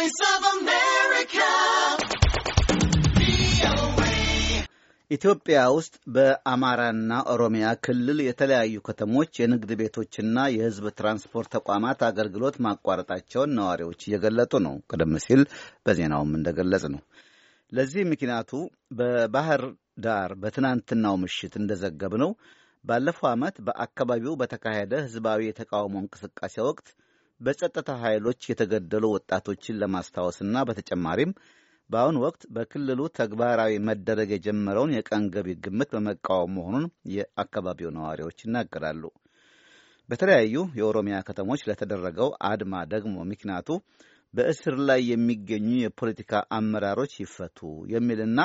Voice of America. ኢትዮጵያ ውስጥ በአማራና ኦሮሚያ ክልል የተለያዩ ከተሞች የንግድ ቤቶችና የሕዝብ ትራንስፖርት ተቋማት አገልግሎት ማቋረጣቸውን ነዋሪዎች እየገለጡ ነው። ቀደም ሲል በዜናውም እንደገለጽ ነው። ለዚህ ምክንያቱ በባህር ዳር በትናንትናው ምሽት እንደዘገብ ነው ባለፈው ዓመት በአካባቢው በተካሄደ ሕዝባዊ የተቃውሞ እንቅስቃሴ ወቅት በጸጥታ ኃይሎች የተገደሉ ወጣቶችን ለማስታወስና በተጨማሪም በአሁኑ ወቅት በክልሉ ተግባራዊ መደረግ የጀመረውን የቀን ገቢ ግምት በመቃወም መሆኑን የአካባቢው ነዋሪዎች ይናገራሉ። በተለያዩ የኦሮሚያ ከተሞች ለተደረገው አድማ ደግሞ ምክንያቱ በእስር ላይ የሚገኙ የፖለቲካ አመራሮች ይፈቱ የሚልና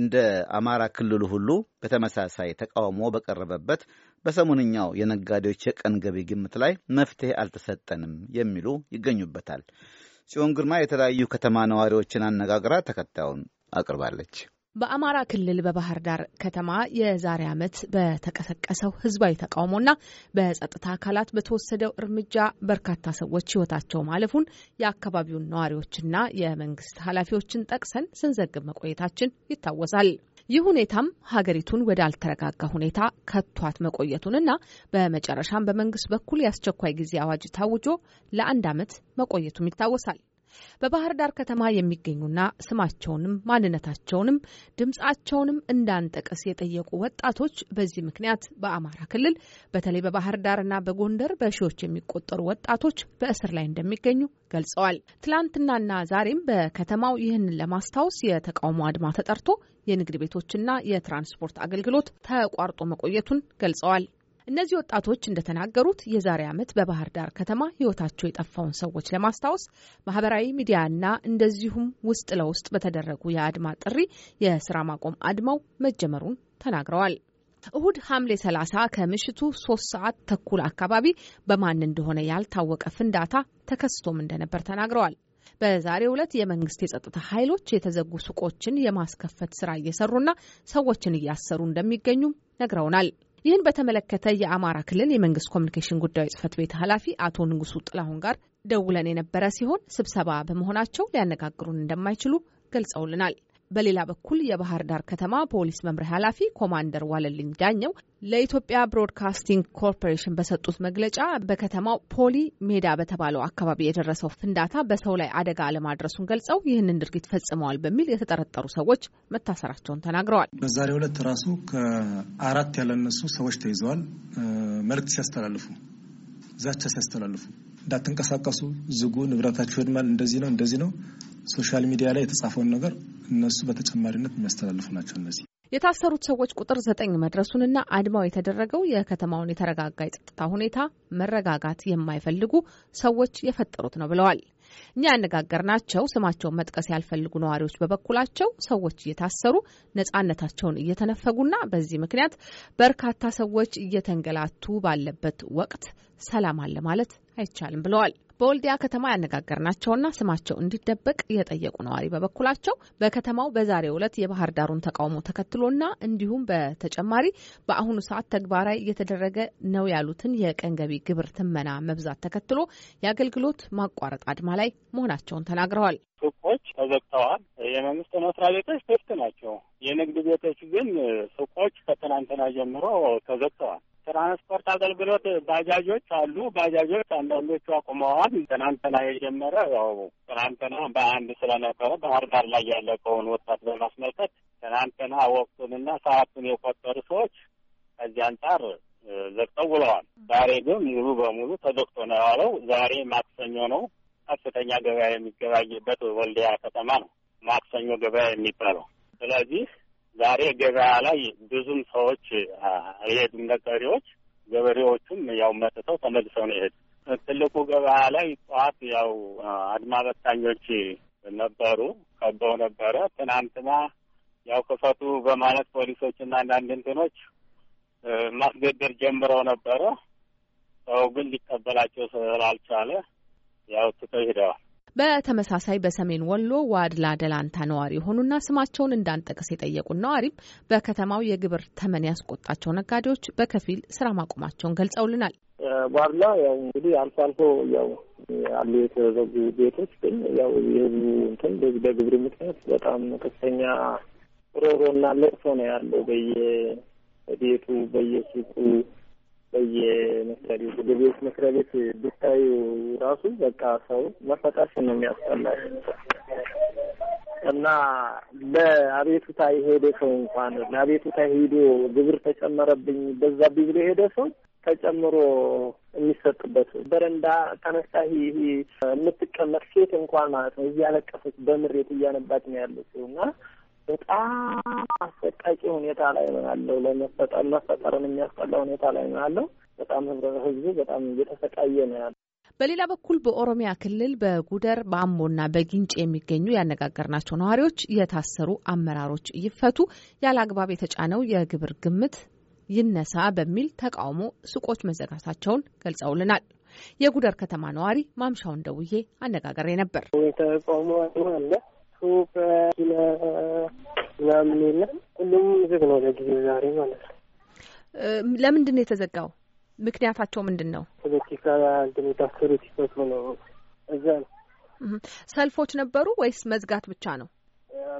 እንደ አማራ ክልሉ ሁሉ በተመሳሳይ ተቃውሞ በቀረበበት በሰሞንኛው የነጋዴዎች የቀን ገቢ ግምት ላይ መፍትሄ አልተሰጠንም የሚሉ ይገኙበታል። ጽዮን ግርማ የተለያዩ ከተማ ነዋሪዎችን አነጋግራ ተከታዩን አቅርባለች። በአማራ ክልል በባህር ዳር ከተማ የዛሬ ዓመት በተቀሰቀሰው ህዝባዊ ተቃውሞና በጸጥታ አካላት በተወሰደው እርምጃ በርካታ ሰዎች ህይወታቸው ማለፉን የአካባቢውን ነዋሪዎችና የመንግስት ኃላፊዎችን ጠቅሰን ስንዘግብ መቆየታችን ይታወሳል። ይህ ሁኔታም ሀገሪቱን ወደ አልተረጋጋ ሁኔታ ከቷት መቆየቱንና በመጨረሻም በመንግስት በኩል የአስቸኳይ ጊዜ አዋጅ ታውጆ ለአንድ ዓመት መቆየቱም ይታወሳል። በባህር ዳር ከተማ የሚገኙና ስማቸውንም ማንነታቸውንም ድምፃቸውንም እንዳንጠቀስ የጠየቁ ወጣቶች በዚህ ምክንያት በአማራ ክልል በተለይ በባህር ዳርና በጎንደር በሺዎች የሚቆጠሩ ወጣቶች በእስር ላይ እንደሚገኙ ገልጸዋል። ትላንትናና ዛሬም በከተማው ይህንን ለማስታወስ የተቃውሞ አድማ ተጠርቶ የንግድ ቤቶችና የትራንስፖርት አገልግሎት ተቋርጦ መቆየቱን ገልጸዋል። እነዚህ ወጣቶች እንደተናገሩት የዛሬ ዓመት በባህር ዳር ከተማ ህይወታቸው የጠፋውን ሰዎች ለማስታወስ ማህበራዊ ሚዲያና እንደዚሁም ውስጥ ለውስጥ በተደረጉ የአድማ ጥሪ የስራ ማቆም አድማው መጀመሩን ተናግረዋል። እሁድ ሐምሌ 30 ከምሽቱ ሶስት ሰዓት ተኩል አካባቢ በማን እንደሆነ ያልታወቀ ፍንዳታ ተከስቶም እንደነበር ተናግረዋል። በዛሬው ዕለት የመንግስት የጸጥታ ኃይሎች የተዘጉ ሱቆችን የማስከፈት ስራ እየሰሩና ሰዎችን እያሰሩ እንደሚገኙም ነግረውናል። ይህን በተመለከተ የአማራ ክልል የመንግስት ኮሚኒኬሽን ጉዳዮች ጽህፈት ቤት ኃላፊ አቶ ንጉሱ ጥላሁን ጋር ደውለን የነበረ ሲሆን ስብሰባ በመሆናቸው ሊያነጋግሩን እንደማይችሉ ገልጸውልናል። በሌላ በኩል የባህር ዳር ከተማ ፖሊስ መምሪያ ኃላፊ ኮማንደር ዋለልኝ ዳኘው ለኢትዮጵያ ብሮድካስቲንግ ኮርፖሬሽን በሰጡት መግለጫ በከተማው ፖሊ ሜዳ በተባለው አካባቢ የደረሰው ፍንዳታ በሰው ላይ አደጋ አለማድረሱን ገልጸው ይህንን ድርጊት ፈጽመዋል በሚል የተጠረጠሩ ሰዎች መታሰራቸውን ተናግረዋል። በዛሬው ዕለት ራሱ ከአራት ያለነሱ ሰዎች ተይዘዋል። መልእክት ሲያስተላልፉ ዛቻ ሲያስተላልፉ እንዳትንቀሳቀሱ፣ ዝጉ፣ ንብረታችሁ ይወድማል፣ እንደዚህ ነው እንደዚህ ነው ሶሻል ሚዲያ ላይ የተጻፈውን ነገር እነሱ በተጨማሪነት የሚያስተላልፉ ናቸው እነዚህ የታሰሩት ሰዎች ቁጥር ዘጠኝ መድረሱንና አድማው የተደረገው የከተማውን የተረጋጋ የጸጥታ ሁኔታ መረጋጋት የማይፈልጉ ሰዎች የፈጠሩት ነው ብለዋል። እኛ ያነጋገርናቸው ስማቸውን መጥቀስ ያልፈልጉ ነዋሪዎች በበኩላቸው ሰዎች እየታሰሩ ነጻነታቸውን እየተነፈጉና በዚህ ምክንያት በርካታ ሰዎች እየተንገላቱ ባለበት ወቅት ሰላም አለ ማለት አይቻልም ብለዋል። በወልዲያ ከተማ ያነጋገርናቸውና ስማቸው እንዲደበቅ የጠየቁ ነዋሪ በበኩላቸው በከተማው በዛሬው ዕለት የባህር ዳሩን ተቃውሞ ተከትሎና እንዲሁም በተጨማሪ በአሁኑ ሰዓት ተግባራዊ እየተደረገ ነው ያሉትን የቀን ገቢ ግብር ትመና መብዛት ተከትሎ የአገልግሎት ማቋረጥ አድማ ላይ መሆናቸውን ተናግረዋል። ሱቆች ተዘግተዋል። የመንግስት መስሪያ ቤቶች ክፍት ናቸው። የንግድ ቤቶች ግን ሱቆች ከትናንትና ጀምሮ ተዘግተዋል። ትራንስፖርት አገልግሎት ባጃጆች አሉ። ባጃጆች አንዳንዶቹ አቁመዋል። ትናንትና የጀመረ ያው ትናንትና በአንድ ስለነበረ ባህር ዳር ላይ ያለቀውን ወጣት በማስመልከት ትናንትና ወቅቱንና ሰዓቱን የቆጠሩ ሰዎች ከዚህ አንጻር ዘግተው ውለዋል። ዛሬ ግን ሙሉ በሙሉ ተዘግቶ ነው የዋለው። ዛሬ ማክሰኞ ነው። ከፍተኛ ገበያ የሚገባይበት ወልዲያ ከተማ ነው ማክሰኞ ገበያ የሚባለው። ስለዚህ ዛሬ ገበያ ላይ ብዙም ሰዎች አይሄዱም። ነጋዴዎች፣ ገበሬዎቹም ያው መጥተው ተመልሰው ነው የሄዱት። ትልቁ ገበያ ላይ ጠዋት ያው አድማ በታኞች ነበሩ፣ ከበው ነበረ። ትናንትና ያው ክፈቱ በማለት ፖሊሶችና አንዳንድ እንትኖች ማስገደር ጀምረው ነበረ። ሰው ግን ሊቀበላቸው ስላልቻለ ያው ትተው ሄደዋል። በተመሳሳይ በሰሜን ወሎ ዋድላ ደላንታ ነዋሪ የሆኑና ስማቸውን እንዳንጠቅስ የጠየቁን ነዋሪም በከተማው የግብር ተመን ያስቆጣቸው ነጋዴዎች በከፊል ስራ ማቆማቸውን ገልጸውልናል። ዋድላ ያው እንግዲህ አልፎ አልፎ ያው አሉ የተዘጉ ቤቶች፣ ግን ያው የህዝቡ እንትን በግብር ምክንያት በጣም ከፍተኛ ሮሮና ለቅሶ ነው ያለው በየቤቱ በየሱቁ በየመስሪያ ቤት ወደ ቤት መስሪያ ቤት ብታዩ ራሱ በቃ ሰው መፈጠር ነው የሚያስጠላል። እና ለአቤቱታ የሄደ ሰው እንኳን ለአቤቱታ ሄዶ ግብር ተጨመረብኝ በዛብኝ ብሎ የሄደ ሰው ተጨምሮ የሚሰጥበት በረንዳ ተነሳ የምትቀመጥ ሴት እንኳን ማለት ነው እዚህ ያለቀሰች በምሬት እያነባች ነው ያለችው እና በጣም አሰቃቂ ሁኔታ ላይ ነው ያለው። ለመፈጠር መፈጠርን የሚያስጠላ ሁኔታ ላይ ነው ያለው። በጣም ህዝቡ በጣም እየተሰቃየ ነው ያለው። በሌላ በኩል በኦሮሚያ ክልል በጉደር በአምቦና በጊንጭ የሚገኙ ያነጋገርናቸው ነዋሪዎች የታሰሩ አመራሮች ይፈቱ፣ ያለ አግባብ የተጫነው የግብር ግምት ይነሳ በሚል ተቃውሞ ሱቆች መዘጋታቸውን ገልጸውልናል። የጉደር ከተማ ነዋሪ ማምሻውን ደውዬ አነጋገሬ ነበር። ተቃውሞ አለ ሱቅ ምናምን የለም። ሁሉም ዝግ ነው ለጊዜው ዛሬ ማለት ነው። ለምንድን ነው የተዘጋው? ምክንያታቸው ምንድን ነው? ፖለቲካ እንትን የታሰሩት ይፈቱ ነው። እዛ ነው ሰልፎች ነበሩ ወይስ መዝጋት ብቻ ነው?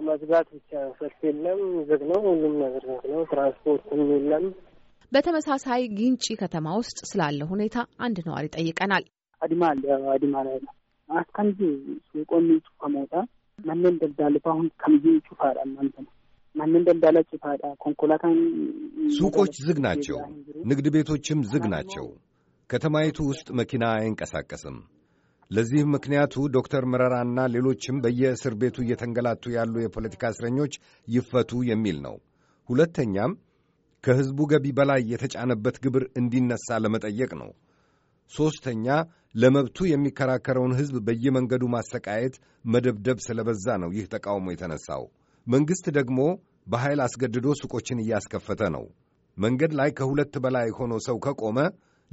መዝጋት ብቻ ነው። ሰልፍ የለም፣ ዝግ ነው። ሁሉም ነገር ዝግ ነው። ትራንስፖርትም የለም። በተመሳሳይ ግንጪ ከተማ ውስጥ ስላለ ሁኔታ አንድ ነዋሪ ጠይቀናል። አድማ አለ አድማ ላይ ነው አስከንዲ ሱቆኒ ከሞታ manneen daldaaleffaa hundi kamiyyuu cufaadha naanta manneen daldaalaa cufaadha konkolaataan ሱቆች ዝግ ናቸው። ንግድ ቤቶችም ዝግ ናቸው። ከተማይቱ ውስጥ መኪና አይንቀሳቀስም። ለዚህ ምክንያቱ ዶክተር መረራና ሌሎችም በየእስር ቤቱ እየተንገላቱ ያሉ የፖለቲካ እስረኞች ይፈቱ የሚል ነው። ሁለተኛም ከሕዝቡ ገቢ በላይ የተጫነበት ግብር እንዲነሳ ለመጠየቅ ነው። ሦስተኛ ለመብቱ የሚከራከረውን ሕዝብ በየመንገዱ ማሰቃየት፣ መደብደብ ስለበዛ ነው ይህ ተቃውሞ የተነሳው። መንግሥት ደግሞ በኃይል አስገድዶ ሱቆችን እያስከፈተ ነው። መንገድ ላይ ከሁለት በላይ ሆኖ ሰው ከቆመ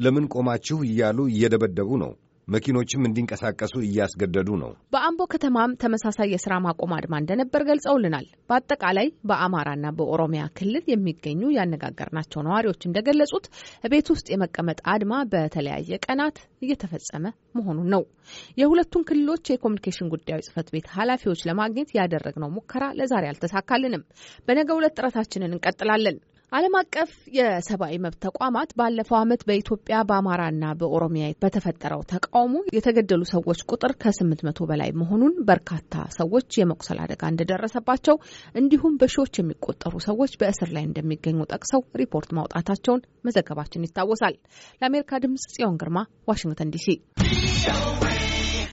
ለምን ቆማችሁ እያሉ እየደበደቡ ነው። መኪኖችም እንዲንቀሳቀሱ እያስገደዱ ነው። በአምቦ ከተማም ተመሳሳይ የስራ ማቆም አድማ እንደነበር ገልጸውልናል። በአጠቃላይ በአማራና በኦሮሚያ ክልል የሚገኙ ያነጋገርናቸው ነዋሪዎች እንደገለጹት ቤት ውስጥ የመቀመጥ አድማ በተለያየ ቀናት እየተፈጸመ መሆኑን ነው። የሁለቱን ክልሎች የኮሚኒኬሽን ጉዳዮች ጽህፈት ቤት ኃላፊዎች ለማግኘት ያደረግነው ሙከራ ለዛሬ አልተሳካልንም። በነገ ሁለት ጥረታችንን እንቀጥላለን። ዓለም አቀፍ የሰብአዊ መብት ተቋማት ባለፈው ዓመት በኢትዮጵያ በአማራና በኦሮሚያ በተፈጠረው ተቃውሞ የተገደሉ ሰዎች ቁጥር ከ መቶ በላይ መሆኑን፣ በርካታ ሰዎች የመቁሰል አደጋ እንደደረሰባቸው እንዲሁም በሺዎች የሚቆጠሩ ሰዎች በእስር ላይ እንደሚገኙ ጠቅሰው ሪፖርት ማውጣታቸውን መዘገባችን ይታወሳል። ለአሜሪካ ድምጽ ጽዮን ግርማ ዋሽንግተን ዲሲ